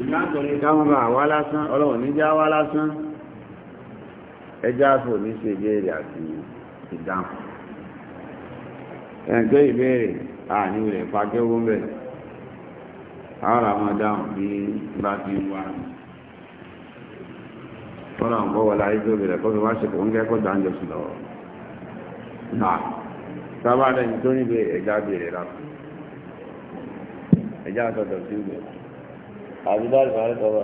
ìgbàtọ̀ni káwọn bá wá lásán ọlọ́wọ̀n níjá wá lásán ẹjá fò ní ṣe ìbéèrè àti ìdáhùn ẹ̀ǹkẹ́ ìbéèrè àní rẹ̀ fagẹ́wó ń bẹ̀ àwọn àwọn dáhùn bí bá ti wá kọ́nà bọ́ wọlé ayéjọ́ kọ́ fi wá ẹ̀já àtọ̀tọ̀ sí ìgbẹ̀ àbí bá ìfà rẹ̀ rẹ̀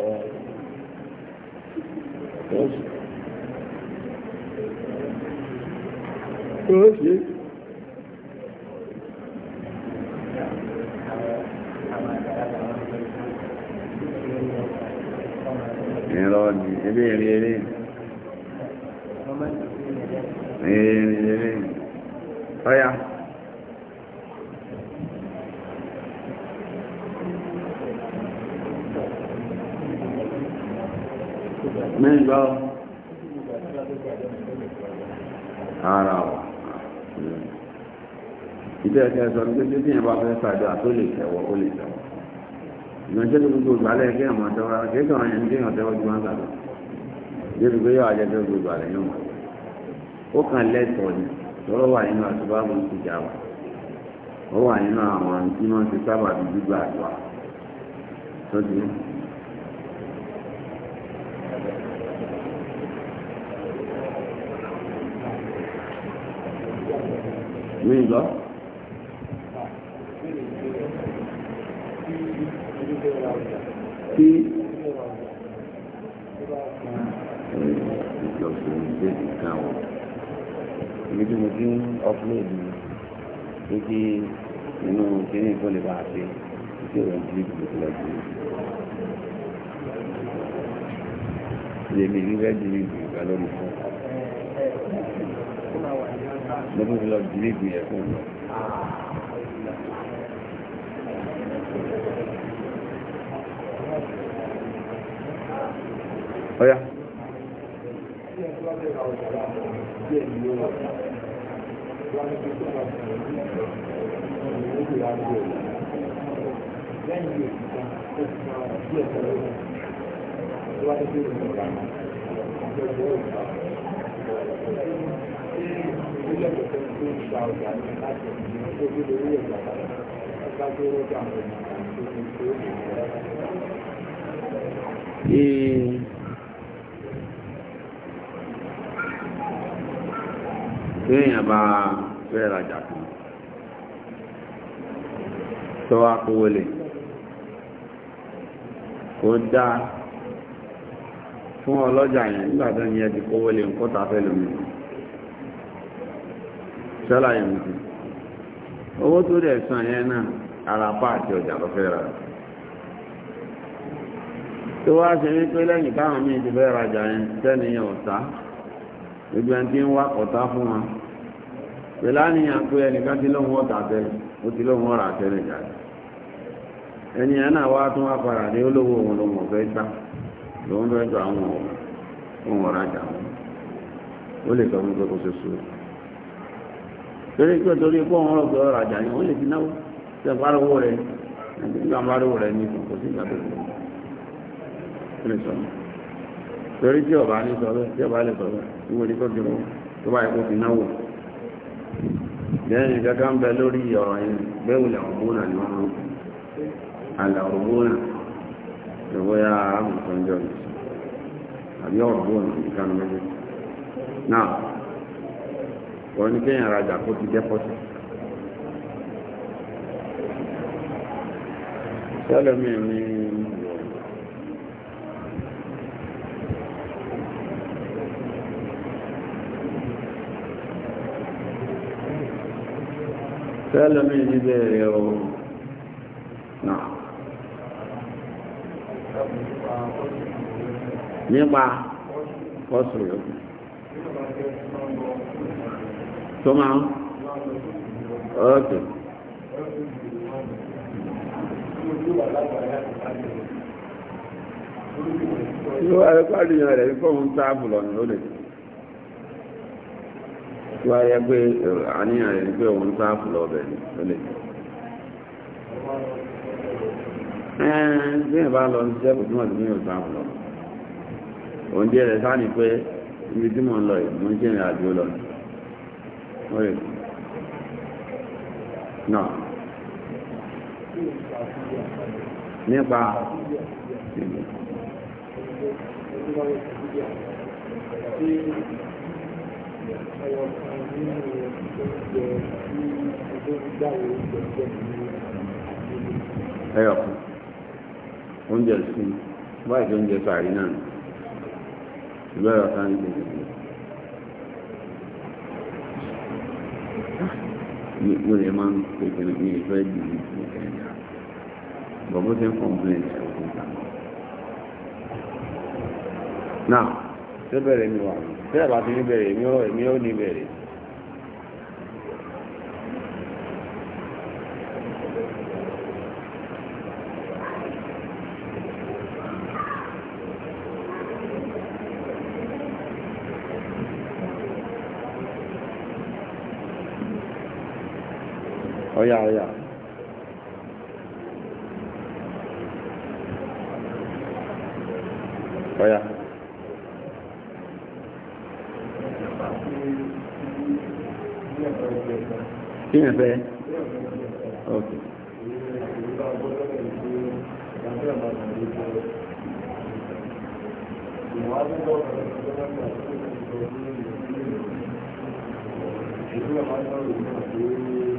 tó ni ẹbí ẹ̀rí ẹ̀rí ẹ̀rí ẹ̀rí mẹ́rin bá ọ́ ara ọ̀ ìdí ẹ̀kẹ́ sọ ní pé tí yẹn bá fẹ́ sàdé àtó lè tẹ̀wọ́ ó lè tẹ̀wọ́ ìgbọ̀nsẹ̀ tó gbogbo ìgbàlẹ̀ ẹ̀kẹ́ ọmọ tẹwọ́ ara kẹ́kẹ́ ọ̀rọ̀ yẹn ní kéèyàn tẹwọ́ ju wọn sàdé débi pé yóò ajẹ́ tó gbogbo ìgbàlẹ̀ yóò mọ̀ ó kàn lẹ́tọ̀ọ́ mi gbọ́. tí ìjọsìn ìdè nìkan wọ̀ ibi tí mo ti ń ọ́pùlẹ̀dì ní kí inú kíní tó lè bá a ṣe iṣẹ́ ìrọ̀lẹ́ ìdílé ìdílé ìdílé. lèmi níbẹ̀ dìrí ìgbì ìgbà lórí fún mo tún fi lọ dìrí ìgbì fún lọ. ọ̀yà. Thank you. Téèyàn bá fẹ́ rajà kan, tọ́wá kówó lè, kó dáa fún ọlọ́jà yẹn nígbàtọ́ ni ẹ̀dì kówó lè ń kó tafẹ́ lómi owó tó rẹ̀ sàn yẹn náà ara àti ọjà lọ fẹ́ ra tó wá ṣe wípé lẹ́yìn káwọn míì ti fẹ́ rajà yẹn ọ̀tá gbogbo ẹni fún wa pé ẹnìkan ti ọ̀tá tẹ́lẹ̀ ó ọ̀rà tẹ́lẹ̀ ẹni yẹn náà wá lòun dọ́jọ́ àwọn ohun ọ̀rajà wọn ó lè sọ fún pé kò ṣe sùúrù torí pé torí pé òun rọ̀gbẹ́ ọ̀rajà yẹn ó lè fi náwó ṣe fárówó rẹ̀ àti nígbà fárówó rẹ̀ ní kò sí ìgbà tó lè sọ torí tí ọba ní sọ tí ọba lè sọ ìwé tó kó fi náwó kankan bẹ lórí yẹn ìwọ́yá àmùsọ̀njọ́ ni àbí ọ̀gbọ́n ìkànnì méjì náà wọ́n ní ti bẹ́ẹ̀ rẹ̀ náà. nípa kọ́sùn yòókù tó máa ń ọ̀kẹ́. Ìlú àrẹ́kọ́rìyàn rẹ̀ kọ́ ń táàbù lọ́nà lónìí. Tí wá pé àníyàn rẹ̀ pé òun táàbù lọ́bẹ̀ lónìí. Ẹ̀ẹ́n bí ẹ̀ bá lọ sí ẹ̀kùn tí wọ́n ti ní oúnjẹ rẹ̀ sáà pé ibi tí mò ń lọ yìí mò ń ṣe ìrìn àjò lọ náà nípa oúnjẹ sí báyìí tó náà ìbẹ̀rẹ̀ ọ̀tá ní pé mo lè máa ń pè pé mi ò fẹ́ jù ní ìpínlẹ̀ ẹ̀dá bọ̀bọ̀ tí ń kọ̀m̀pléǹ ẹ̀kọ́ ìta náà tẹ́bẹ̀rẹ̀ mi wà tẹ́bà mi ò ní bẹ̀rẹ̀ ja, Oya. Kí ni fẹ́? Ok. Ìjọba máa ń sọ̀rọ̀ ìgbà tó ń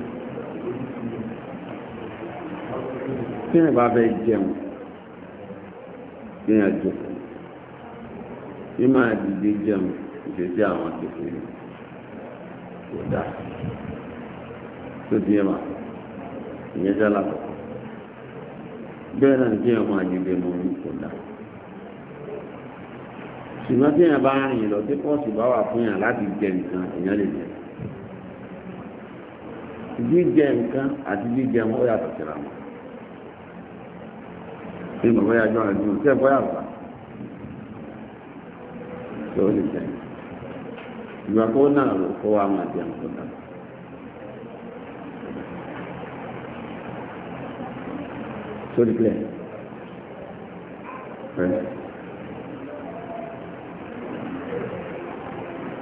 tí mi bá fẹ́ jẹun kéèyàn jókòó bí máa dìde jẹun ìṣesí àwọn kékeré kò dáa tó ti yẹ máa ìyẹn jẹ́ alákọ̀ọ́ bẹ́ẹ̀ náà kéèyàn máa dìde mọ́ orí kò dáa ṣùgbọ́n tí èèyàn bá rìn lọ tí pọ́ọ̀sì bá wà fún yàn láti jẹ nǹkan èèyàn lè jẹ jíjẹ nǹkan àti jíjẹ wọn yàtọ̀ síra wọn tí mo bóyá jọ àdúrà tí ẹ bóyá fà tó lè jẹ ìgbà kó náà ló kó wa máa jẹun kó náà. sórí pílẹ̀ ẹ̀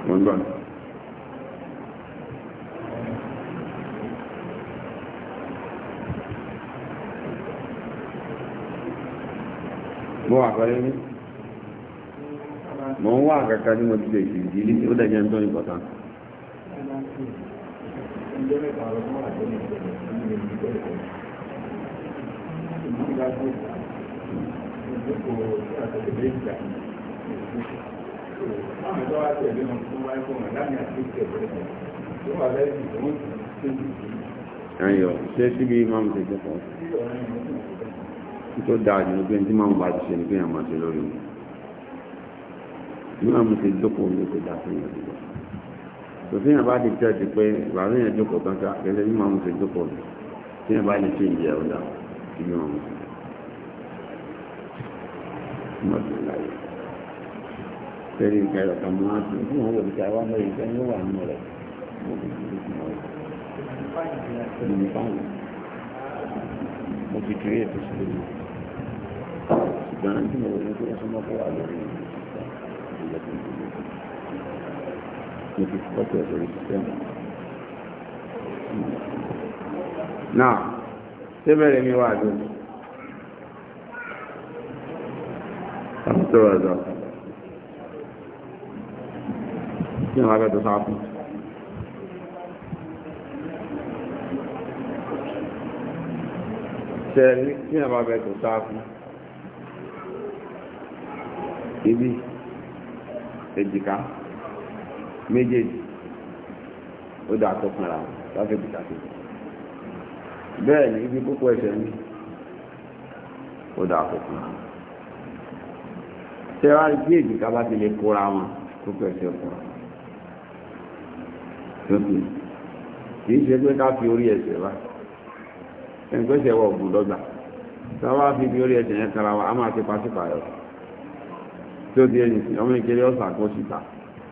wọ́n gbọ́dọ̀. wá àkọlẹ́ ní mọ̀ ń wá àkàkà ní mo ti lè ṣe ìdí ní ó dẹ̀jẹ̀ ń tọ́ Ayọ̀, ṣé síbi máa ń tẹ̀jẹ̀ pọ̀? tó dáa jù ní pé tí máa ń bá ti ṣe ní pé àmà ṣe lórí mi ní àmì ti jókòó ní kò dáa fún yàn lọ tòfin yàn bá ti tẹ́ ti pé ìgbà tí yàn jókòó kan ká kẹlẹ́ ní màmú ti jókòó lọ tí yàn bá lè ṣe ìjẹ́ ọ̀dà ìlú ọ̀hún. Tẹ́lẹ̀ nǹkan ẹ̀rọ kan máa ń tún fún àwọn òbí tí a wá mẹ́rin wà nínú rẹ̀. Mo ti kiri ètò sílẹ̀ yìí ṣùgbọ́n tí mo wọlé pé ẹ̀sùn mọ́kọ́ wà lórí mo ti kọ́ tẹ̀ lórí sísẹ́mù. náà ṣé bẹ́ẹ̀ ni wàá dùn? àwọn tó rọ̀ ọ̀dọ́ wọ́n abẹ́ tó sáà fún. ṣe ní kí wọ́n abẹ́ tó sáà fún ibi èjìká méjèèjì ó dà tó kanra wọn láti bùkà sí bẹ́ẹ̀ ni ibi púpọ̀ ẹsẹ̀ mi ó dà tó kanra wọn tẹ́wàá bí èjìká bá ti lè kóra wọn púpọ̀ ẹsẹ̀ kóra lókè kì í ṣe pé ká fi orí ẹsẹ̀ wá ẹnìkọ́sẹ̀ wọ̀ ọ̀gùn dọ́gba tí wọ́n bá fi orí ẹsẹ̀ yẹn kanra wọn a máa ti pàṣípààyàn tí ó di ẹni sí ọmọ ìkéré ọ̀sà àkọ́sí ta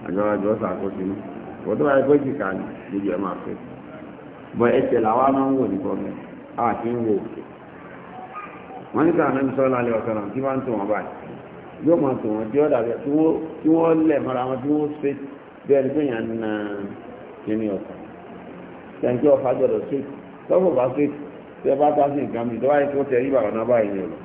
àjọyọ̀ ọ̀sà àkọ́sí mú wọ́n tó wáyé pé jìkà ní gbogbo ẹ̀ máa fẹ́ bọ́ ẹsẹ̀ làwa máa ń wò ní kọ́mẹ́ a kì ń wò wọ́n ní káà mẹ́rin sọ́lá lé ọ̀sán náà tí wọ́n ń tò wọ́n báyìí yóò máa tò wọ́n tí ó dàbí tí wọ́n lẹ̀ mọ́ra wọn tí wọ́n ṣe bí ẹni pé yàn na kíní ọ̀sà tẹ̀ǹkì gbọ́dọ̀ ṣe tọ́fọ̀ bá ṣe tẹ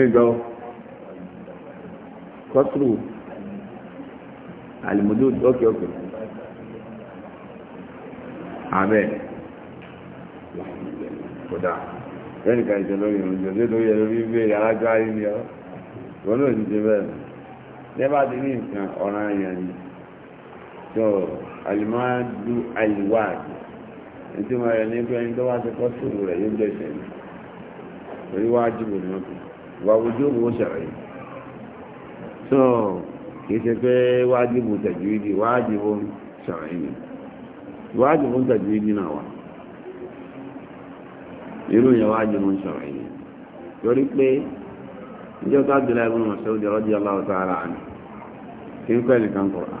ẹgbẹ́ ọ kọ́tùrù àlùmọ́dé ọ̀kẹ́ ọ̀kẹ́ àmín kódà lẹ́nu kan lórí lórí alájọ́ ayé ni wọn náà ti ṣe bẹ́ẹ̀ ti ní nǹkan ni tó ní pé ẹni tó bá ti kọ́ rẹ̀ yóò bò ní ọkùnrin. wà ojú òwò ṣàrẹ̀ so kì í ṣe pé wájìbù tajwidi wájìbù ṣàrẹ̀ ni wájìbù tajwidi náà wà irú yẹn wájìbù ṣàrẹ̀ ni torí pé ìjọ ká Abdullahi ibn Mas'ud radiyallahu ta'ala anhu kí n kọ́ ẹnìkan kọ́ ọ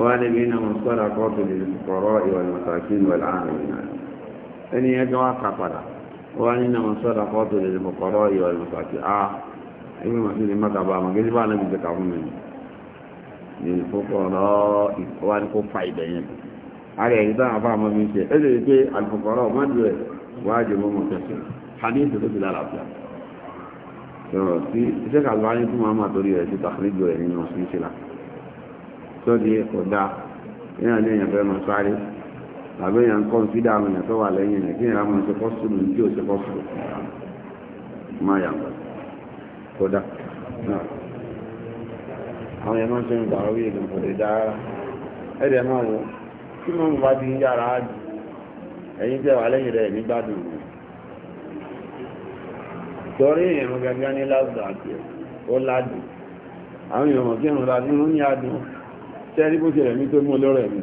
wọ́n á níbi iná wọn sọ́ra kọ́ọ̀tù lè kọ̀rọ̀ ìwà ìmọ̀tàkì ìwà ìlànà ìlànà ẹni yẹn gan wá kà padà wọ́n ní nàmà sọ́dà fọ́tò lè mọ̀kọ́rọ́ ìwà ìmọ̀sàkì á ibi màsí lè mọ́ta bá àmọ́ gẹ́gẹ́ bá àná gbèsè kà fún mi ní ìfọkọ̀rọ̀ ìwà ní kó fa ìbẹ̀ yẹn ara ẹ̀yìn táwọn afá àmọ́ mi ṣe ẹ̀ lè rí pé àlùfọ̀kọ̀rọ̀ mọ́jú ẹ̀ wáá jẹ mọ́mọ́ kẹsì hàní ètò ti lára iṣẹ́ kàlùbá ní fún màmá torí ẹ̀ ti tàkìlíjọ ẹ̀ nínú ọ̀sìn ìṣẹ̀lá tó ọ̀dà ìyá ní ẹ̀yàn fẹ́ sáré tàbí èèyàn kọ́ fi dá àwọn èèyàn tó wà lẹ́yìn rẹ̀ kí èèyàn máa ṣe fọ́sùlù ní tí ó ṣe fọ́sùlù máa yà wọ́n kódà náà àwọn èèyàn máa ṣe ń gbà orí èdè kò lè dára ẹ̀dẹ̀ máa wọ kí wọ́n bá di yàrá jù ẹ̀yìn tẹ̀ wà lẹ́yìn rẹ̀ nígbàdùn rẹ̀ torí èèyàn gangan ní lásìkò àti ó ládùn àwọn èèyàn kí èèyàn ládùn ó ní adùn tẹ́rí bó ṣe rẹ̀ mí tó mú olóró ẹ̀mí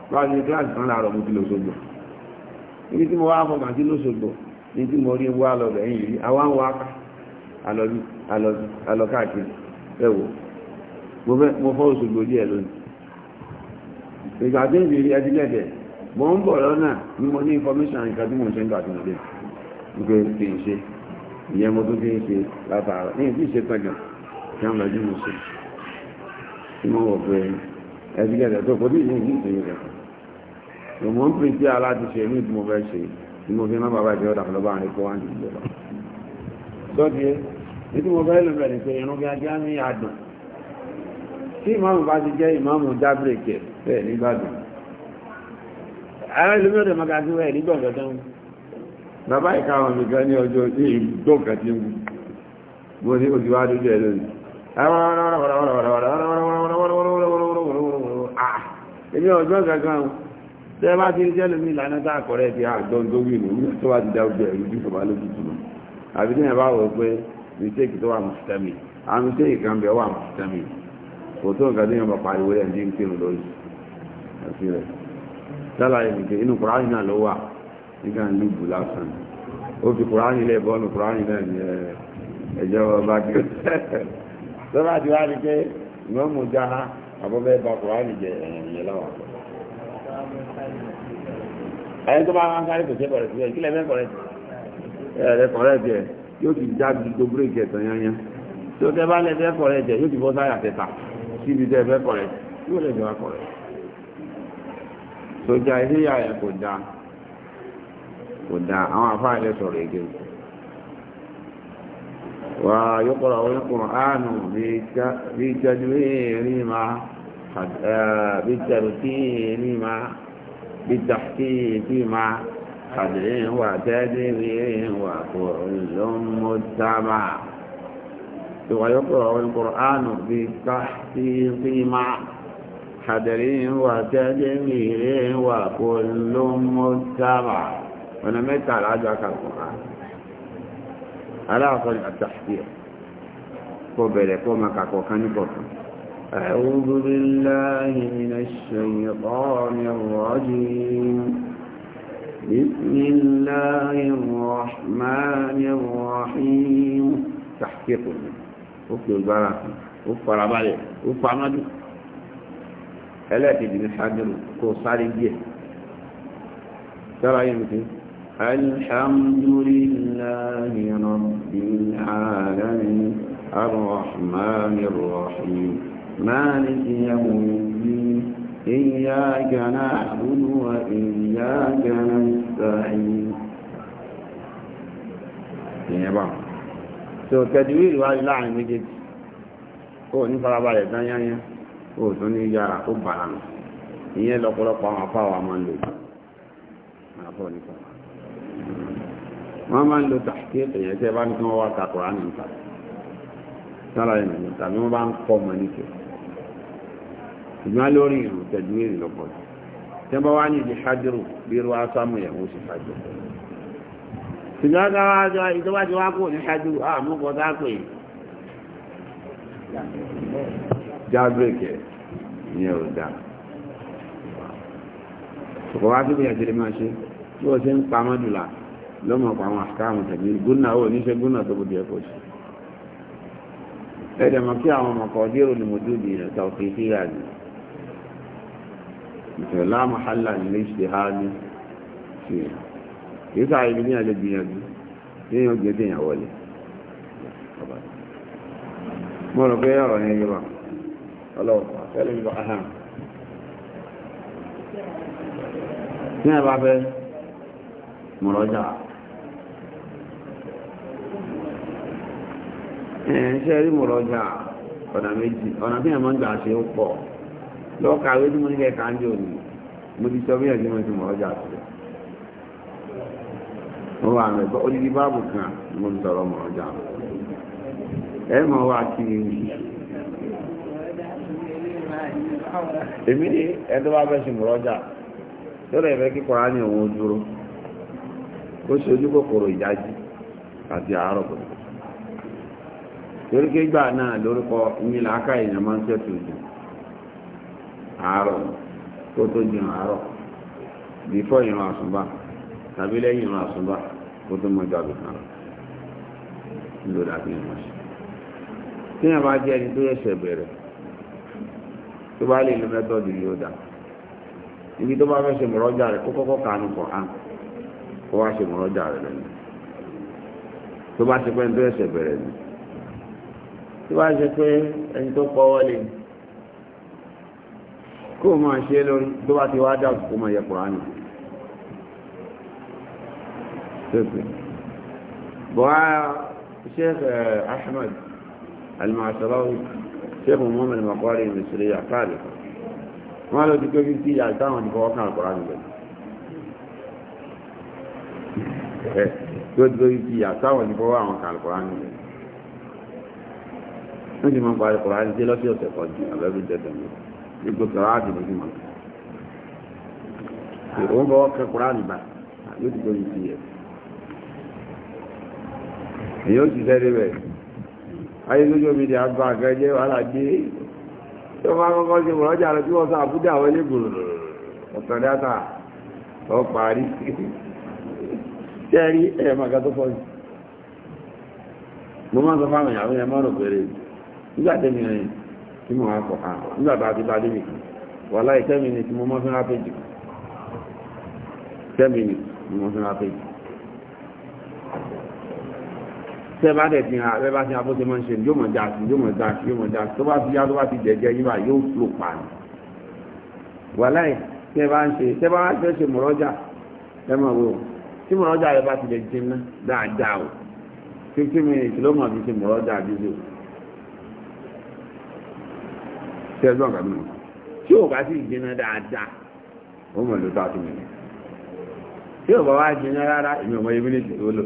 báwo ni kíláàsì kan láàárọ̀ mo ti lọ sógbò ibi tí mo wá fọ́ màá ti lọ sógbò ní tí mo rí wá lọ bẹ̀yìn yìí àwa ń wá alọ́káàkiri ẹ̀wọ̀ mo fọ́ Òṣogbo díẹ̀ lónìí ìgbà tí ń fi rí ẹdílẹ̀dẹ̀ mo ń bọ̀ lọ́nà mo ní information nǹkan tí mo ń ṣe ń gbà nígbà ń ṣe ìyẹn mo tún fi ń ṣe ní ìdí ìṣe kí ìmọ̀ ń pèsè aláti ṣe ní ìtumọ̀ fẹ́ ṣe tí mo fi má bàbá ìṣẹ́ ọ̀dà fọlọ́bà àrẹ kó wá ní ìjọba sọ́dí ní tí mo fẹ́ lọ bẹ̀rẹ̀ pé irun bí ajá ní àdùn tí ìmáàmù bá ti jẹ́ ìmáàmù jábìrìkẹ̀ bẹ́ẹ̀ nígbàdùn àwọn ìlú mẹ́rin mọ́ta tí wọ́n ẹ̀ nígbàgbọ́ tó ń bàbá ìka àwọn nìkan ní ọjọ́ tí ìgbó kan ti ń wù mo ní ojú wá dúdú ẹ lónìí èmi ọjọ́ kankan tẹ́ bá ti ń jẹ́ lómi ìlànà tá ti àgbọn tó wí tó bá ti dá ojú ẹ̀rú bí bá lójú tù àbí tí yẹn bá pé mistake tó wà mùsùlùmí wà mùsùlùmí kò tó nǹkan tó yẹn bá pariwo ní kí n àti rẹ̀ tẹ́lá inú kùránì ẹni tó bá wá ń sáré kò ṣe kọ̀rẹ́ sí ẹ̀ kí lẹ́ẹ̀ kọ̀rẹ́ sí ẹ̀ kọ̀rẹ́ sí ẹ̀ yóò ti já gbogbo bírèkì ẹ̀tàn yanyan tí ó tẹ́ bá lẹ́ẹ̀ kọ̀rẹ́ jẹ yóò ti bọ́ sáyà tẹ̀ta síbi tẹ́ fẹ́ kọ̀rẹ́ yóò lè jọ wá kọ̀rẹ́ sójà iléyà ẹ̀ kò dáa kò dáa àwọn afáà ilẹ̀ sọ̀rọ̀ èdè wà yóò kọ̀rọ̀ àwọn Kùránì bí ìjájú èèrí máa بالترتيب بالتحقيق مع قدر وتدبير وكل مجتمع ويقرأ القرآن بالتحقيق مع قدر وتدبير وكل مجتمع ونمت على عجلك القرآن على أصل التحقيق قبل قومك وكان قرآن أعوذ بالله من الشيطان الرجيم بسم الله الرحمن الرحيم تحقيق أفل البركة أفل عبالي أفل عمدو ألا تجد الحجر كوصالي جيه ترى يمكن الحمد لله رب العالمين الرحمن الرحيم مالك يوم الدين إياك نعبد وإياك نستعين ìyẹnbọn tí ó tẹ́dìrí ìwádìí láàrin méjèèjì kó ní farabalẹ̀ dányányá kó tó ní yára kó bàrà nù ìyẹn lọ́pọ̀lọpọ̀ àwọn afáwà máa ń lò wọ́n máa ń lo tàkí èèyàn tẹ́ bá ní kí wọ́n wá ṣùgbọ́n lórí ìrùn tẹ̀lú èrè lọ́pọ̀ tí wọ́n wá ní ìdí ṣájúrù bí irú asámù ìyàwó sì ṣájú ṣùgbọ́n káwá jọ ìjọba ti wá kò ní ṣájúrù àmúkọ dápè jábèkẹ̀ ní ẹ̀rọ dá ọkọ̀ wá tó bẹ̀yà tẹ̀lé máa ṣe bí wọ́n ṣe ń pa mọ́dúlà lọ́mọ pa àwọn àkáàmù tẹ̀lé gúnnà ó níṣẹ́ gúnnà tó bọ̀ díẹ̀ kò sí ẹ̀dẹ̀ kí àwọn ọmọkọ̀ dérò ìrẹ̀ta òfin fíyà nìyẹn ìṣẹ̀lẹ̀ láàmù hálà ní ṣe há ní ṣe kìí sáà ibi ní àlejò yẹnjú téèyàn gbé téèyàn wọlé mo rò pé ọ̀rọ̀ yẹn yé wa ọlọ́wọ́ fẹ́lẹ́ mi lọ ní ẹ̀ bá fẹ́ mọ̀rọ́jà ẹ̀ ń ṣe rí mọ̀rọ́jà ọ̀nà méjì ọ̀nà tí ẹ̀ ń gbà ṣe ń pọ̀. lọ́ọ́ kàwé tí mo ní kẹ́ káńdé òní mo ti sọ bíyànjú mo ti mọ̀ ọjà àtúrẹ́ mo wà mẹ́ bọ́ odidi báàbù kan mo ń sọ̀rọ̀ mọ̀ ọjà ẹ mọ̀ wá kí ni èmi ni bá fẹ́ ní òun dúró ṣe ojú kòkòrò ìdájí àti àárọ̀ pẹ̀lú torí náà lórúkọ èèyàn máa ń àárọ̀ kó tó di àárọ̀ bífọ́ ìran àsùnbà tàbí lẹ́yìn ìran àsùnbà kó tó mọ́jọ́ àbìkan ló dàbí ìran ṣe tí wọ́n bá jẹ́ ẹni tó yẹ̀ṣẹ̀ bẹ̀rẹ̀ tó bá lè lo mẹ́tọ́dù yóò dà ibi tó bá fẹ́ ṣe mọ̀rọ́jà rẹ̀ kó kọ́kọ́ kàánú kọ̀ án kó wá ṣe mọ̀rọ́jà rẹ̀ lẹ́nu tó bá ṣe pé ẹni tó yẹ̀ṣẹ̀ bẹ̀rẹ̀ ni tó bá ṣe pé ẹni tó wọlé ni kó o máa ṣe lórí tó bá ti wá dà kó máa yẹ kùránì bọ́á sheikh eh, ahmed almasalawi sheikh muhammad makwari misiri àkáàlì wọ́n lọ ti tó bí sí àtàwọn ìfọwọ́ kan kùránì bẹ̀rẹ̀ eh, tó ti tó bí sí àtàwọn ìfọwọ́ àwọn kan kùránì bẹ̀rẹ̀ wọ́n ti máa ń parí kùránì sí lọ́sí ọ̀sẹ̀ kan jù àbẹ́bí tẹ̀tẹ̀ mọ́ ipò sọ̀rọ̀ yóò ti gbé mi ayé bá kọ́kọ́ lọ́jà lọ tí wọ́n sọ àwọn ilé ọ parí tẹ́rí tó fọ́ yìí sọ fáwọn ìyàwó tí mo wá kọ̀ hàn ah, nígbà tá a ti bá débi kan wà láì ten minutes ni mo mọ́ fún rápéjì ten minutes ni mo fún rápéjì. tẹ́ bá dẹ̀ fi hàn ẹ bá ti hàn bó ṣe máa ń ṣe yóò mọ̀ já sí yóò mọ̀ já sí yóò mọ̀ já sí tó bá fi yá tó bá ti jẹ̀jẹ̀ yín bá yóò fò pa ni. wà láì tẹ́ bá ń ṣe tẹ́ bá fẹ́ ṣe mọ̀rọ́jà ẹ mọ̀ wò tí mọ̀rọ́jà rẹ bá ti lè jiná dáadáa o fifteen minutes ló mọ̀ fi ṣe mọ̀rọ́jà àdúgbò tẹ́gbọ́n kàbí mọ̀ tí ò bá sì jiná dáadáa ó mọ̀ ló tá a ti mìíràn tí ò bá wá jiná rárá èmi ọmọ yẹn mínísì tó lò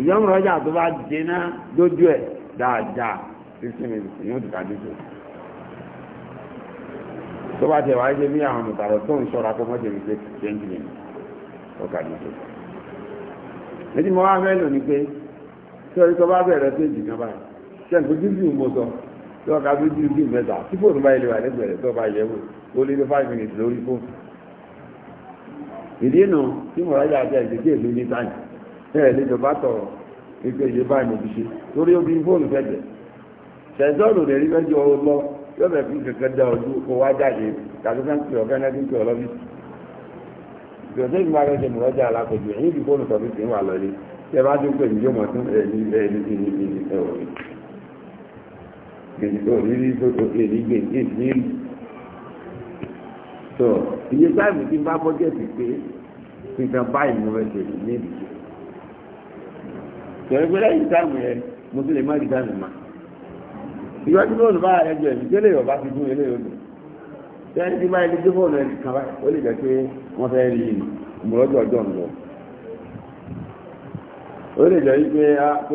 ìjọba rọjà tó bá jiná lójú ẹ̀ dáadáa fifteen minutes yóò ti kàdé tó tó bá tẹ̀ wáyé bí àwọn mùtàrọ̀ tó ń ṣọ́ra kó mọ́jẹ̀ wípé twenty minutes ó kàdé tó ètí mo wá fẹ́ ní pé tí ọ̀rí tó bá bẹ̀rẹ̀ péjì kan báyìí ṣe é kó jíjù mo sọ tí wọ́n ka bí bí bí mẹ́ta tí fóònù bá ilé wa lẹ́gbẹ̀rẹ̀ tó bá yẹ wò ó lé ní five minutes lórí fóònù. ìdí nu tí mo ráyà àti ẹ̀jẹ̀ kí èmi ní táyì ẹ̀ lè jọba tọ̀ ìgbé ìyè báyìí mo fi ṣe torí omi fóònù fẹ̀jẹ̀ ṣẹ̀dọ́ọ̀nù rẹ̀ rí mẹ́jọ lọ yóò bẹ̀ fi kẹ̀kẹ́ da ojú kó wá jáde tàbí sáńkì ọ̀gá náà kíkì ọlọ́bí. ìgbésẹ̀ ìgbà rẹ̀ ṣe mọ̀ọ́jà alákòjù ẹ̀yìn ìdí fóònù tọ̀ èso rírí sóto èrí gbèǹgbè sí rí tó iye táìmù tí n bá bọ́jẹ̀tì pé nǹkan báyìí mo fẹ́ ṣe ní ìdí tó ẹgbẹ́ lẹ́yìn táìmù yẹn mo tún lè má rí táìmù mà ìwájú lónìí bá ẹgbẹ́ mi tẹ́lẹ̀ yọ̀ bá ti dún eléyìí odò tẹ́lẹ̀ tí báyìí lójú fóònù ẹni kan báyìí ó lè jẹ́ pé wọ́n fẹ́ rí ìmọ̀lọ́jọ́ ọjọ́ ń lọ ó lè jẹ́ pé kò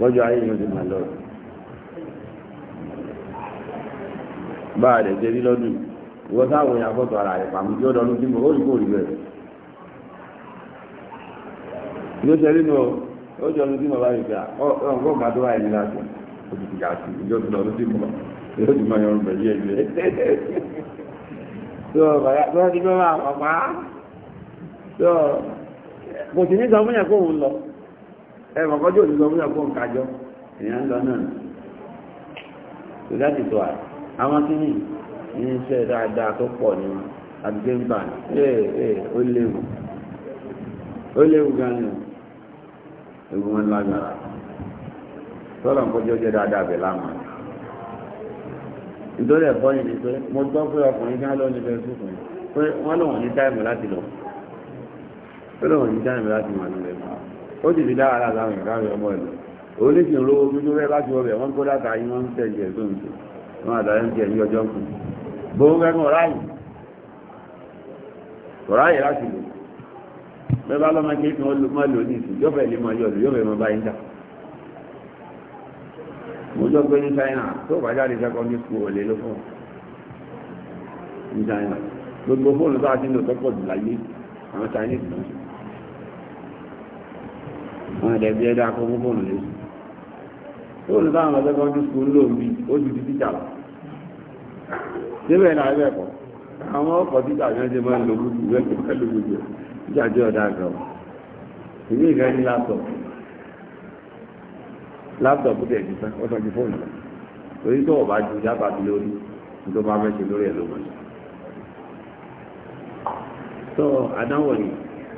lọ́jọ́ ayé yóò ti máa lọ́rọ̀ bá a lè ṣe rí lọ́dún ìwọ sáwọn èèyàn fọ́tò ara rẹ̀ pàmò tí ó dọ́nu sí mo ó rí kó rí bẹ́ẹ̀ ló ṣe rí nu ọ ó jọ ọdún sí mo bá rí gbà ọ ọgbọ́n gbà tó láti ó ti ti gà sí ìjọ tó dọ́nu sí mo yóò ti máa yọrùn pẹ̀lú ẹgbẹ́ tó bàyà tó ti fẹ́ máa pàpà tó kò sì ní sọ fún yẹn kó òun lọ ẹ̀mọ̀ kọjú òní lọ múlẹ̀ fún kájọ èèyàn lọ náà tó láti tó à àwọn tí ní ní iṣẹ́ dáadáa tó pọ̀ ní àgbéǹbà ee ó léwu ó léwu gan ni ewu wọn lágbára tọ́lọ̀ ń kọjú ọjọ́ dáadáa bẹ̀ láàmú nítorí ẹ̀kọ́ yìí ni pé mo gbọ́ pé ọkùnrin kan lọ́ọ́ ní bẹ́ẹ̀ fún mi pé wọ́n lòun ní táìmù láti lọ pé lòun ní táìmù láti mọ̀ nílẹ̀ mọ́ ó sì fi dá ara láwọn ìgbà rẹ̀ ọmọ ìlú òun ní sì ń bí tó fẹ́ bá ti wọ bẹ̀ kó dáta yín wọ́n ń tẹ̀lé ẹ̀ tó ń tẹ̀ wọ́n àtàlẹ́ ń tẹ̀lé ọjọ́ kù bóun fẹ́ kàn ráyè láti lò bẹ́ẹ̀ bá lọ́mọ kí wọ́n lò máa ní ìsìn yóò fẹ́ lè máa yọ yóò fẹ́ máa bá dà mo jọ pé ní China tó bá jáde secondary school ò ló fún ní China gbogbo fóònù tó a ti lò tó jù láyé àwọn Chinese náà wọn ẹ̀dẹ̀ bí ẹ̀dá akọ fún fóònù lẹ́sùn fóònù táwọn ọ̀sẹ̀ kan tún sùn lò bí ó ti di títà lọ síbẹ̀ náà ẹgbẹ́ kọ àwọn ọkọ̀ títà yẹn ti máa ń lo gbogbo ìwé tó fẹ́ lo gbogbo títà jẹ́ ọ̀dà gan ìwé ìfẹ́ ní láptọ̀pù láptọ̀pù tẹ̀ ti tán ọ̀sán ti fóònù lọ torí tó ọba ju dábàá ẹ̀ ló mọ̀ tó àdánwò ni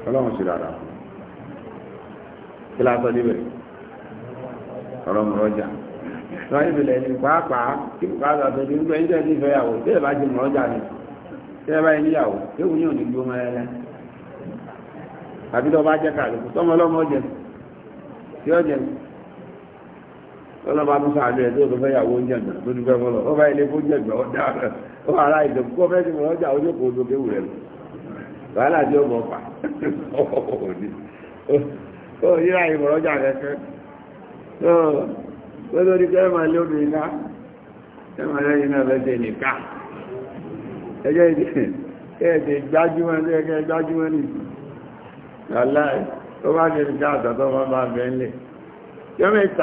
ọlọ́run ṣe dáadáa fún kí la sọ níbẹ̀ ọ̀rọ̀ mọ̀rọ̀jà lọ ìbílẹ̀ ní pàápàá kí bùkátà tó ní gbẹ́ níjẹ́ ní ìfẹ́yàwó tí ẹ bá jẹ mọ̀rọ̀jà ni tí ẹ bá yẹ níyàwó tí òun yóò ní gbó mọ́ ẹ lẹ́ àbí tó bá jẹ́ kàlùkù tọ́mọ ọlọ́mọ jẹ tí ó jẹ ọlọ́mọ tó sàánú ẹ̀ tó tó fẹ́ yàwó oúnjẹ náà tó dúpẹ́ mọ́lọ ọba ilé fún jẹ̀gbẹ́ ọ̀dà ó ara ìdẹ̀kú kọ́ fẹ́ ti mọ̀rọ̀jà ojókòó tó tó yíra ìmọ̀rọ́jà kẹ́kẹ́ tó lórí kẹ́mà lórí iná kẹ́mà lórí iná lẹ́sẹ̀ nìká ẹjọ́ ìdí gbájúmọ́ ní ẹgbẹ́ gbájúmọ́ ní aláì tó bá jẹ́ nìká àtàtọ́ máa bá bẹ́ ńlẹ̀ yọ́mẹ́ ìta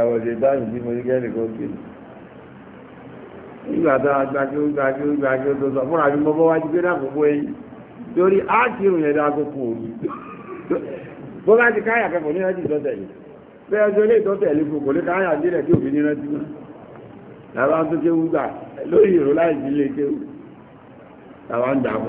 àwọn òṣèré báyìí mo ní gẹ́rì kó kí nígbà tó a gbàgbé tó sọ wájú lákòókò torí áàkì ìrùn yẹn dáa kókó bó bá ti káyà kẹfọ ní rántí ìtọ́tẹ̀ yìí bẹ́ẹ̀ ọjọ́ ilé ìtọ́tẹ̀ káyà nílẹ̀ òfin tó gbà lórí láì sí ilé ń dààmú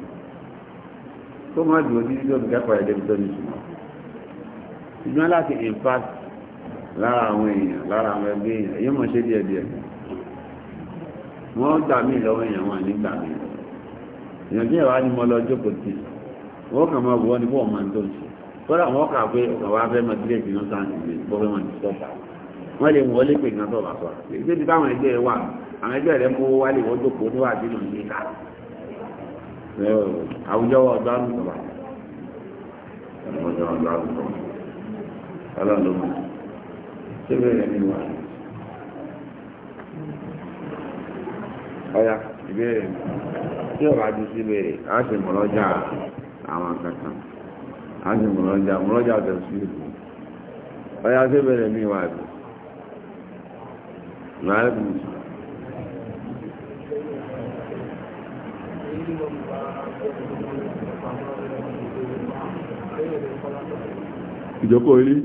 tó máa dùn ojú tó gbà padà débi tó ní ìṣúná ṣùgbọ́n láti impact lára àwọn èèyàn lára àwọn ẹgbẹ́ èèyàn èyí mọ̀ ṣe díẹ̀ díẹ̀ wọ́n gbà mí lọ́wọ́ èèyàn wọn nígbà mí èèyàn tí ìwà ni mo lọ jókòó tì wọ́n kàn máa wọ́ ni fún ọmọ tó ń ṣe kódà wọ́n kà pé ọ̀gá wa fẹ́ máa dílé ìpinnu sáǹtì lè gbọ́ fẹ́ máa dìtọ́ wọ́n lè wọ́n lé pè ní ọ̀tọ̀ bàtọ́ àti ìgbésí táwọn ẹgbẹ́ wà àwọn ẹgbẹ́ rẹ̀ àwùjọ wa gbá lùtọ̀ bá àwùjọ wa gbá lùtọ̀ ọlọ́lọ́mọ rẹ̀ ní wà ọ̀yà ìbéèrè tí ọ̀rọ̀ ajú síbẹ̀ rẹ̀ á sì mọ̀lọ́jà àwọn kankan á sì mọ̀lọ́jà mọ̀lọ́jà sí ìjókòó ilé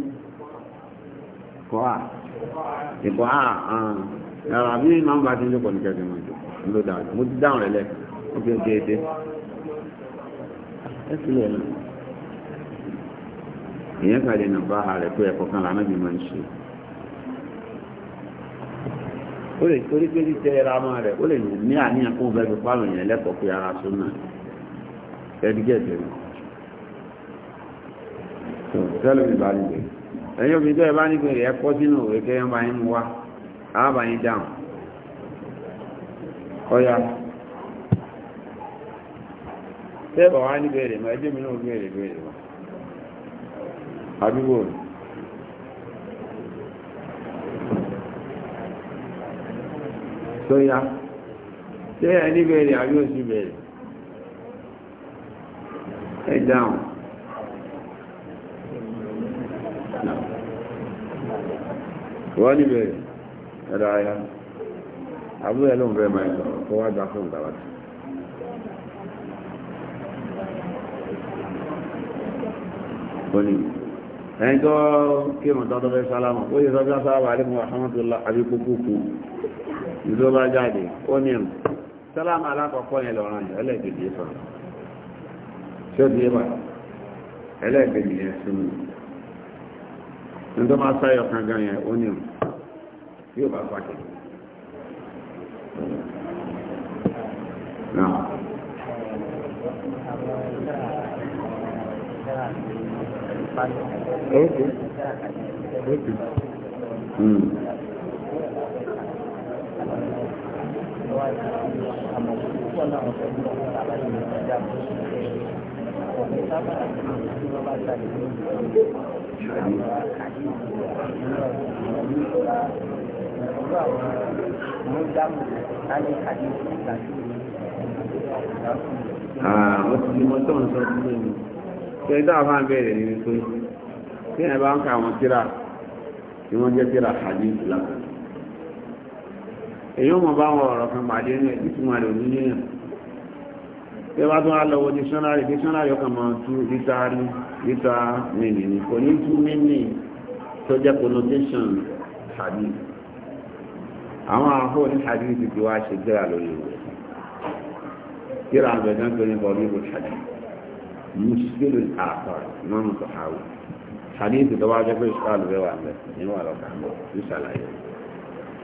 kọ́à ìkọ́ àà ẹ̀rọ àbí máa ń bá ti ń jókòó ní kẹ́kẹ́ mọ́ ìjọ ló dáa mo ti dáhùn rẹ̀ lẹ́kọ̀ọ́ ó fi oge èdè ẹ sílẹ̀ náà ìyẹn kàdé nàbá rẹ̀ pé ẹ̀kọ́ kan lànà bí máa ń ṣe ó lè torí pé títẹ ẹra mọ́ rẹ̀ ó lè ní àníyàn kó bẹ́ẹ̀ fi pààrọ̀ yẹn pé ara sún náà ẹ̀dígẹ̀dẹ̀ rẹ̀ tẹ́lẹ̀ mi bá níbẹ̀ ẹ̀yọ́ mi tẹ́lẹ̀ bá rẹ̀ sínú òwe kẹ́ bá wa dáhùn ọ̀yà tẹ́lẹ̀ bá wá níbẹ̀ rẹ̀ mọ́ ẹjọ́ mi náà tó yá ṣé ẹni bẹ̀rẹ̀ àbí òsì bẹ̀rẹ̀ ẹ dáhùn wọ́n ní bẹ̀rẹ̀ ẹ̀rọ ayá àbúrò ẹlòmù bẹ̀rẹ̀ máa ń lọ kó wá gba fún ìgbàwájú. Oni ẹni tó kírun tó tó fẹ́ sálámù ó yẹ sọ́jà sálámù alẹ́ mọ́ àhámàdúlá àbí kókó ìlú bá jáde ó ní ìmù sálámà alákọ̀ọ́kọ́ yẹn lọ́rọ̀ yẹn ẹlẹ́gbẹ̀dì yẹn sọ̀rọ̀ tí ó di yẹn bà ẹlẹ́gbẹ̀dì yẹn sí mi nítorí máa sáyọ̀ kan gan yẹn ó ní ìmù yóò bá pàkẹ́ Okay. Okay. Mm. Àwọn ah, ti mọ́ tó ń sọ fún ẹni. Ṣé ìdáwà máa bẹ̀rẹ̀ ní wípé, tí ẹ bá ń ka àwọn tíra, tí wọ́n jẹ́ tíra hadith lápẹ̀ èyí ó mọ̀ bá wọn ọ̀rọ̀ kan pàdé ní ìtumọ̀ rẹ̀ òní yẹn tí a bá tún alọ́wọ́ dictionary dictionary ọkàn máa tú lítà rí lítà mìnì ní kò ní tú mìnì tó jẹ́ connotation tàbí àwọn àhó ní tàbí ti ti ṣe jẹ́ra lórí rẹ̀ kíra àgbẹ̀ náà tó ní ìbò tàbí mùsùlùmí àpàrọ̀ mọ́nù tó háwù tàbí ti tó jẹ́ pé ìṣòro àlùbẹ́wà ń bẹ̀ níwà lọ́kàn bọ̀ ní sàlàyé rẹ̀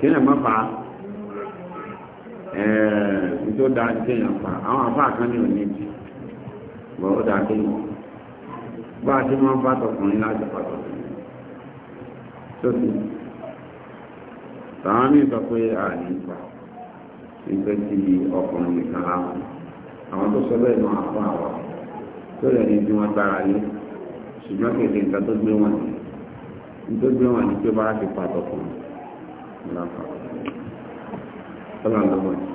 kéèyàn má fa ẹ̀ẹ́ tó da kéèyàn fa àwọn afá ní ó da kéèyàn bá a ti máa ń fa tọkùnrin láti fa tọkùnrin sókè tàwọn mí sọ pé àní fa ìgbẹ́ ti ọkùnrin nìkan láwọn àwọn tó sọ bẹ́ẹ̀ afọ àwọn tó tí wọ́n gbára ṣùgbọ́n kéde nǹkan tó gbé wọn nítorí wọn ni pé bára fi pàtó fún un lápá ọlọ́run lọ́wọ́ yìí.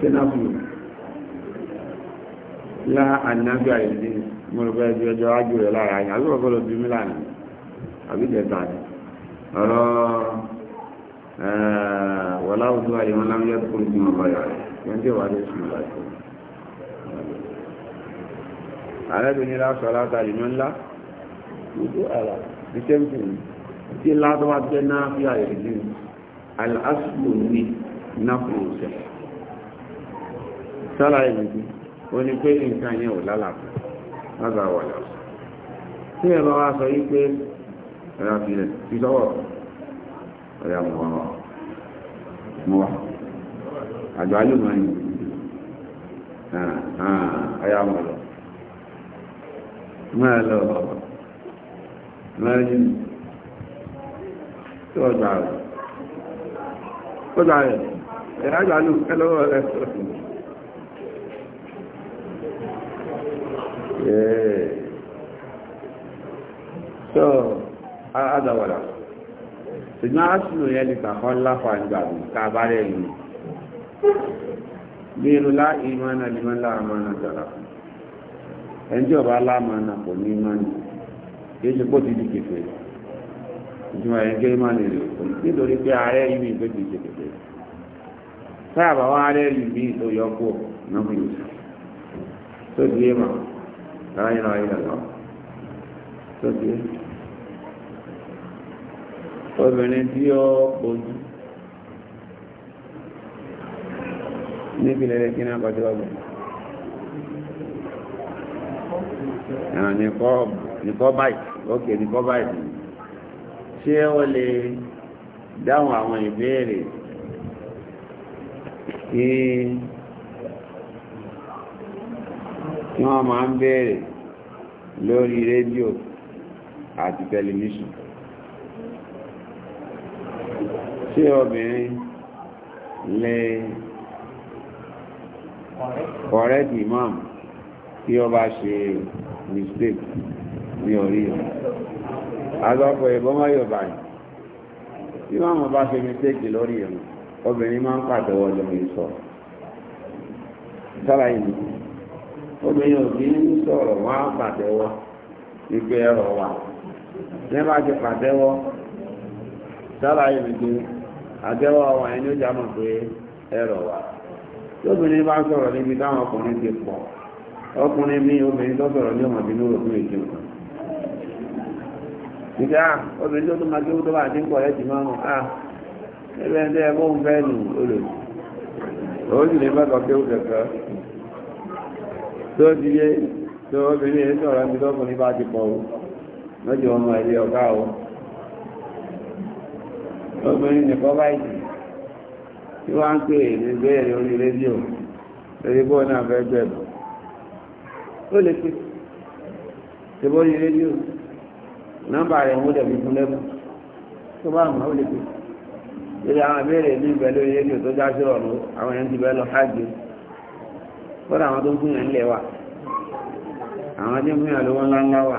sinafu la anabi ayidi mọlọpẹ ẹbí ọjọ́ ajó rẹ lára yẹn àbí ọkọ lọ bí mi lánà àbí jẹta ni ọ̀rọ̀ wọlá òdu àyẹ̀wò lámúyẹ kúrò fún ọba yàrá ẹ̀ńdẹ̀ wà lè sùn láti àrẹ́bìnrin lásọ látàrí mọ́ ńlá gbogbo àrà ní sẹ́ńtì ní tí látọ́wà jẹ́ náà fi àyẹ̀ ìlú aláṣùlò ní náfòròsẹ̀ sára ìlú ó tí ẹ̀rọ wa sọ yí pé ẹ̀rọ fi sọ́wọ́ ọ̀yà mọ̀ àgbálùmọ̀ ni ọ̀yà mọ̀ lọ máa lọ lọ́yìn tí wọ́n gbà rẹ̀ ó gbà rẹ̀ ẹ̀yà àgbálù ẹlọ́wọ́ rẹ̀ so adàwọ̀dà ṣùgbọ́n a ṣùgbọ́n yẹ́ lè kàkọ́ láfà ìgbà ká bá rẹ̀ yìí bíru lá ìmọ̀nà lèmọ́ láàmọ́nà jọra ẹnjẹ́ ọba láàmọ́nà kò ní ìmọ̀nà kìí ṣe pọ́ ti di kẹfẹ́ ìjùmọ̀ ẹ̀jẹ̀ ìmọ̀nà rẹ̀ nítorí pé ààrẹ ìmì ìgbẹ́jì ṣe kẹfẹ́ sáàbà wọn ààrẹ ìmì tó yọ kú náà kò yóò tó di é lára yẹn lára lọ tó di é obìnrin tí ó bójú níbi lẹ́lẹ́ kí náà kọjú ọgbẹ̀ ẹ̀rọ nìkọ́ báyìí ókè nìkọ́ báyìí ṣé ó lè dáhùn àwọn ìbéèrè tí wọ́n máa ń béèrè lórí rédíò àti tẹlifíṣàn ṣé obìnrin lè correct imam tí ọ bá ṣe mistake ní orí rẹ̀ azọ́pọ̀ ìbọ́mọ́ yorùbá yìí tí imam bá ṣe mistake lórí rẹ̀ obìnrin máa ń pàtẹ́wọ́ lórí sọ sára ìlú obìnrin òbí ń sọ̀rọ̀ wọ́n á pàtẹ́wọ́ ìgbé ẹ̀rọ wa lẹ́bà ti pàtẹ́wọ́ sára ìlú àtẹ́wọ́ wa ẹni ó jámọ̀ pé ẹ̀rọ wa. lóbìnrin bá ń sọ̀rọ̀ níbi táwọn ọkùnrin ti pọ̀ ọkùnrin mi obìnrin tó sọ̀rọ̀ ní ọmọ ìbínú òfin èdè òkun ìdá obìnrin tó tó máa kéwú tó bá ti ń pọ̀ lẹ́tì máa ń à ah, ẹgbẹ́ ẹgbẹ́ ẹgbẹ́ òun fẹ́ nù olè ó sì lè mẹ́kọ̀ọ́ kéwú kẹ̀kọ́ tó ti yé tó obìnrin yẹn sọ̀rọ̀ níbi tọkùnrin bá ti pọ̀ o lọ́jọ́ ọmọ ilé ọ̀gá o obìnrin nìkan báyìí tí wọ́n ń pè ní bẹ́ẹ̀rẹ̀ orí rédíò lórí O náà fẹ́ ó lè pè tí bọ́ orí rédíò nọ́mbà rẹ̀ wọ́n dẹ̀ fún lẹ́bù tó bá mọ̀ ó lè pè lórí àwọn abẹ́rẹ́ ní ìbẹ̀ rédíò tó já sí ọ̀nà àwọn èèyàn ti bẹ́ẹ̀ lọ fọ́dà àwọn tó ń fún yẹn wà àwọn tí ń fún yẹn wà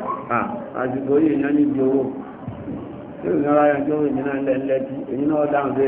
àsìkò yìí owó tí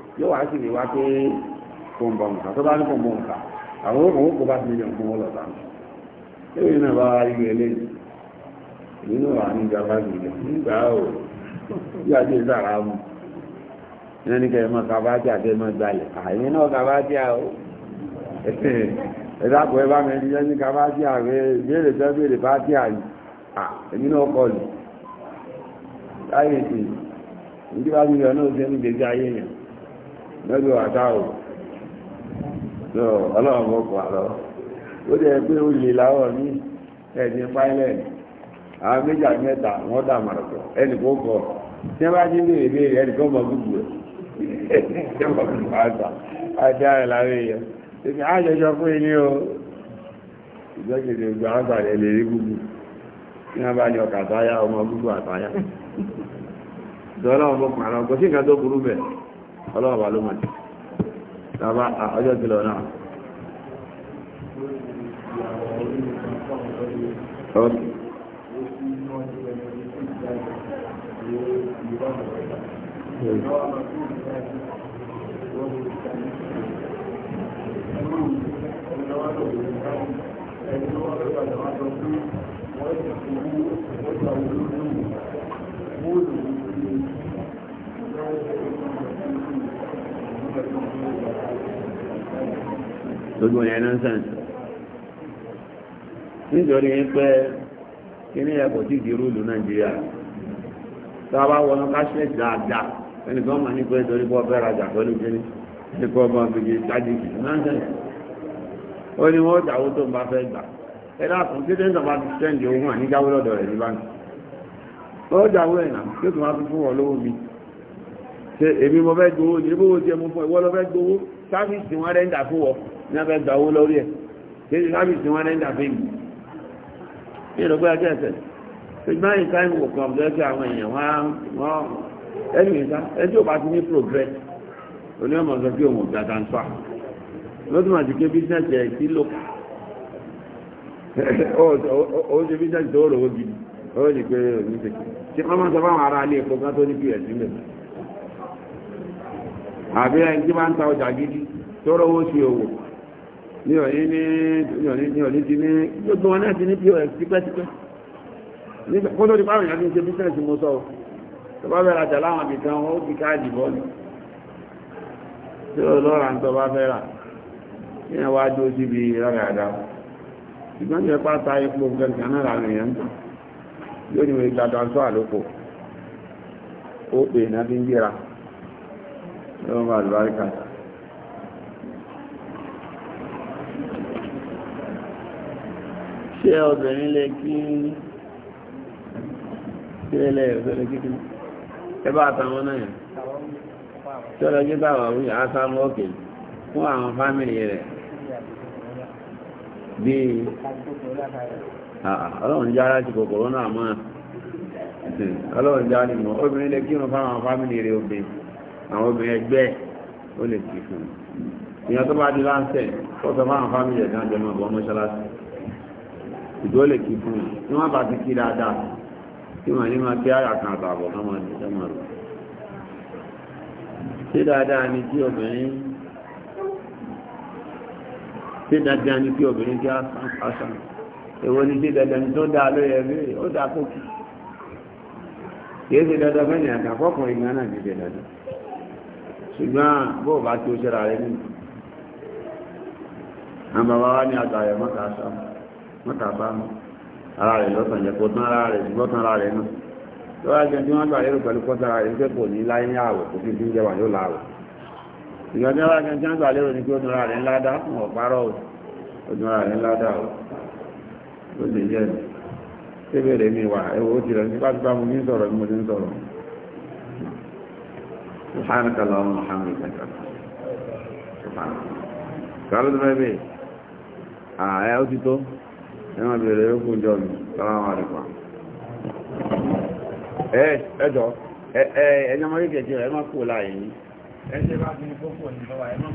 yóò wá sí ni wá pé kòǹbà nǹka tó bá ní kòǹbà nǹka àwọn òkùn òkùn bá ti mílíọ̀nù fún wọn lórí náà bá irú eléyìí nínú wà ní ìjọba mílíọ̀nù nígbà ó yóò àti ìsára mu iná ní kẹrìmọ kàbájà tẹ mọ gbalẹ àyè náà kàbájà ó ẹ̀dá kò ẹ bá mi ẹni ní kàbájà rẹ ìbéèrè tó béèrè bá àyè à èmi náà kọ lù láyé sí ìdíwájú yọ náà ó ṣe ní gbèsè ayé yẹn. mẹ́lú àdáwò ọlọ́run mọ́ pààrọ̀ ó jẹ́ pé ó lè láwọ̀ ní àwọn méjì àti mẹ́ta wọ́n dà kó tí o lè rí gbogbo tí wọ́n bá ní ọkà ọmọ sí tó burú ọlọ́ọ̀bà ló mọ̀ tàbá ọjọ́ ti lọ náà ọ̀kì Thank you. gbogbo yẹn náà sàn nítorí pé kíní yẹ kò tí di rúùlù nàìjíríà tá a wọnú káṣílẹ̀ dáadáa ẹnìkan mà ní pé torí bọ́ fẹ́ rajà pẹ̀lú kíní ní kọ́ ọmọ gbèjì ṣáàjì kì ó ní wọ́n tó ń bá fẹ́ gbà ẹ dákun kí tẹ́ńtà bá sẹ́ǹdì lọ́dọ̀ rẹ̀ ní báńkì ó kí ó tún sáfíìsì wọn rẹ́ńdà fún wọ ní abẹ́ gbà owó lórí ẹ̀ kéde sáfíìsì wọn rẹ́ńdà fún yìí ní ìrọ̀gbé ajé ẹ̀sẹ̀ ṣùgbọ́n àyíká ìwò kan ọ̀dọ́ sí àwọn èèyàn wọn ẹnu ìta ẹjọ́ ò bá ti ní progress onímọ̀ sọ pé òun ò gbà transfer lọ́dún àti ké bísíǹsì ẹ̀ sí lò ó ṣe bísíǹsì tó rò ó gidi ó ní pé òun ti ṣe wọ́n máa sọ fáwọn ará ilé epo kan tó ní pọ̀ sí mẹ́ta àbí ẹni tí máa ń ta ọjà gidi tó rọ́wọ́ sí owó ní òní ní ní òní ti ní gbogbo wọn náà ti ní pos tipẹ́tipẹ́ kó tó di pàrọ̀ ìyá ti ń ṣe bísẹ̀nsì mo sọ ọ tó bá fẹ́ rajà láwọn ibì kan ó fi káàdì bọ́ọ̀lù tí ó lọ́ra ń tọ́ bá fẹ́ rà ní ẹwà tó síbi rárá àdá ṣùgbọ́n jẹ́ pátá ipò kẹkẹ náà rà nìyẹn tó yóò ní ìgbàdàn sọ àlòkò ó pè náà fi ń gbéra lọ́wọ́ máa lùbáríkà ṣé obìnrin lè kí sílẹ̀ ìrọ̀sọ́lẹ̀ kíkiri ẹbá àtàwọn náà tọ́lọ jẹ́ báwà wí àásáàmù òkè fún àwọn fámìlì rẹ̀ bí i ọlọ́run jẹ́ ara ti kòkòrò náà mọ́ ọlọ́run jẹ́ ara ti mọ́ obìnrin lè kírun fáwọn fámìlì rẹ̀ obìnrin àwọn obìnrin ẹgbẹ́ ó lè kì í fún un ìyẹn tó bá di láńsẹ̀ fọ́sọ̀ máa ń fámìlì ẹ̀dá jẹ́ mọ̀ bọ́ mọ́ṣáláṣí ìdúró lè kì í fún un ní wọ́n bá ti kí dáadáa tí wọ́n ní máa kí àyà kan àtààbọ̀ káwọn ẹni tẹ́ mọ̀ rò ṣé dáadáa ni tí obìnrin ṣé dáadáa ni tí obìnrin jẹ́ àṣà èwo ni ṣé dáadáa ni tó dáa ló yẹ bí ó dáa kókì kì í ṣe dáadáa fẹ́ni àgbà fọ́kùnrin ṣùgbọ́n bó bá tí ó ṣẹ́ra rẹ̀ ní àwọn bàbá wá ní àgbàyẹ̀ mọ́tàbá ara rẹ̀ lọ́tàn jẹ́ kó tán ara rẹ̀ ṣùgbọ́n tán ara rẹ̀ náà tó wá jẹ́ tí wọ́n gbà lérò pẹ̀lú kọ́tà ara rẹ̀ pẹ̀pọ̀ ní láyé ní àwọ̀ kò fi dín jẹwà yóò láàrọ̀ ìgbọ́n tí wọ́n jẹ́ gbà lérò ní kí ó tán ara rẹ̀ ńlá dá fún سبحانك اللهم وبحمدك سبحانك قالوا ما بي اه يا اوتيتو انا بيقول لكم جون السلام عليكم ايه اجو ايه ايه انا ما يجي اجي ما كولا يعني ايه بقى دي فوق وين بقى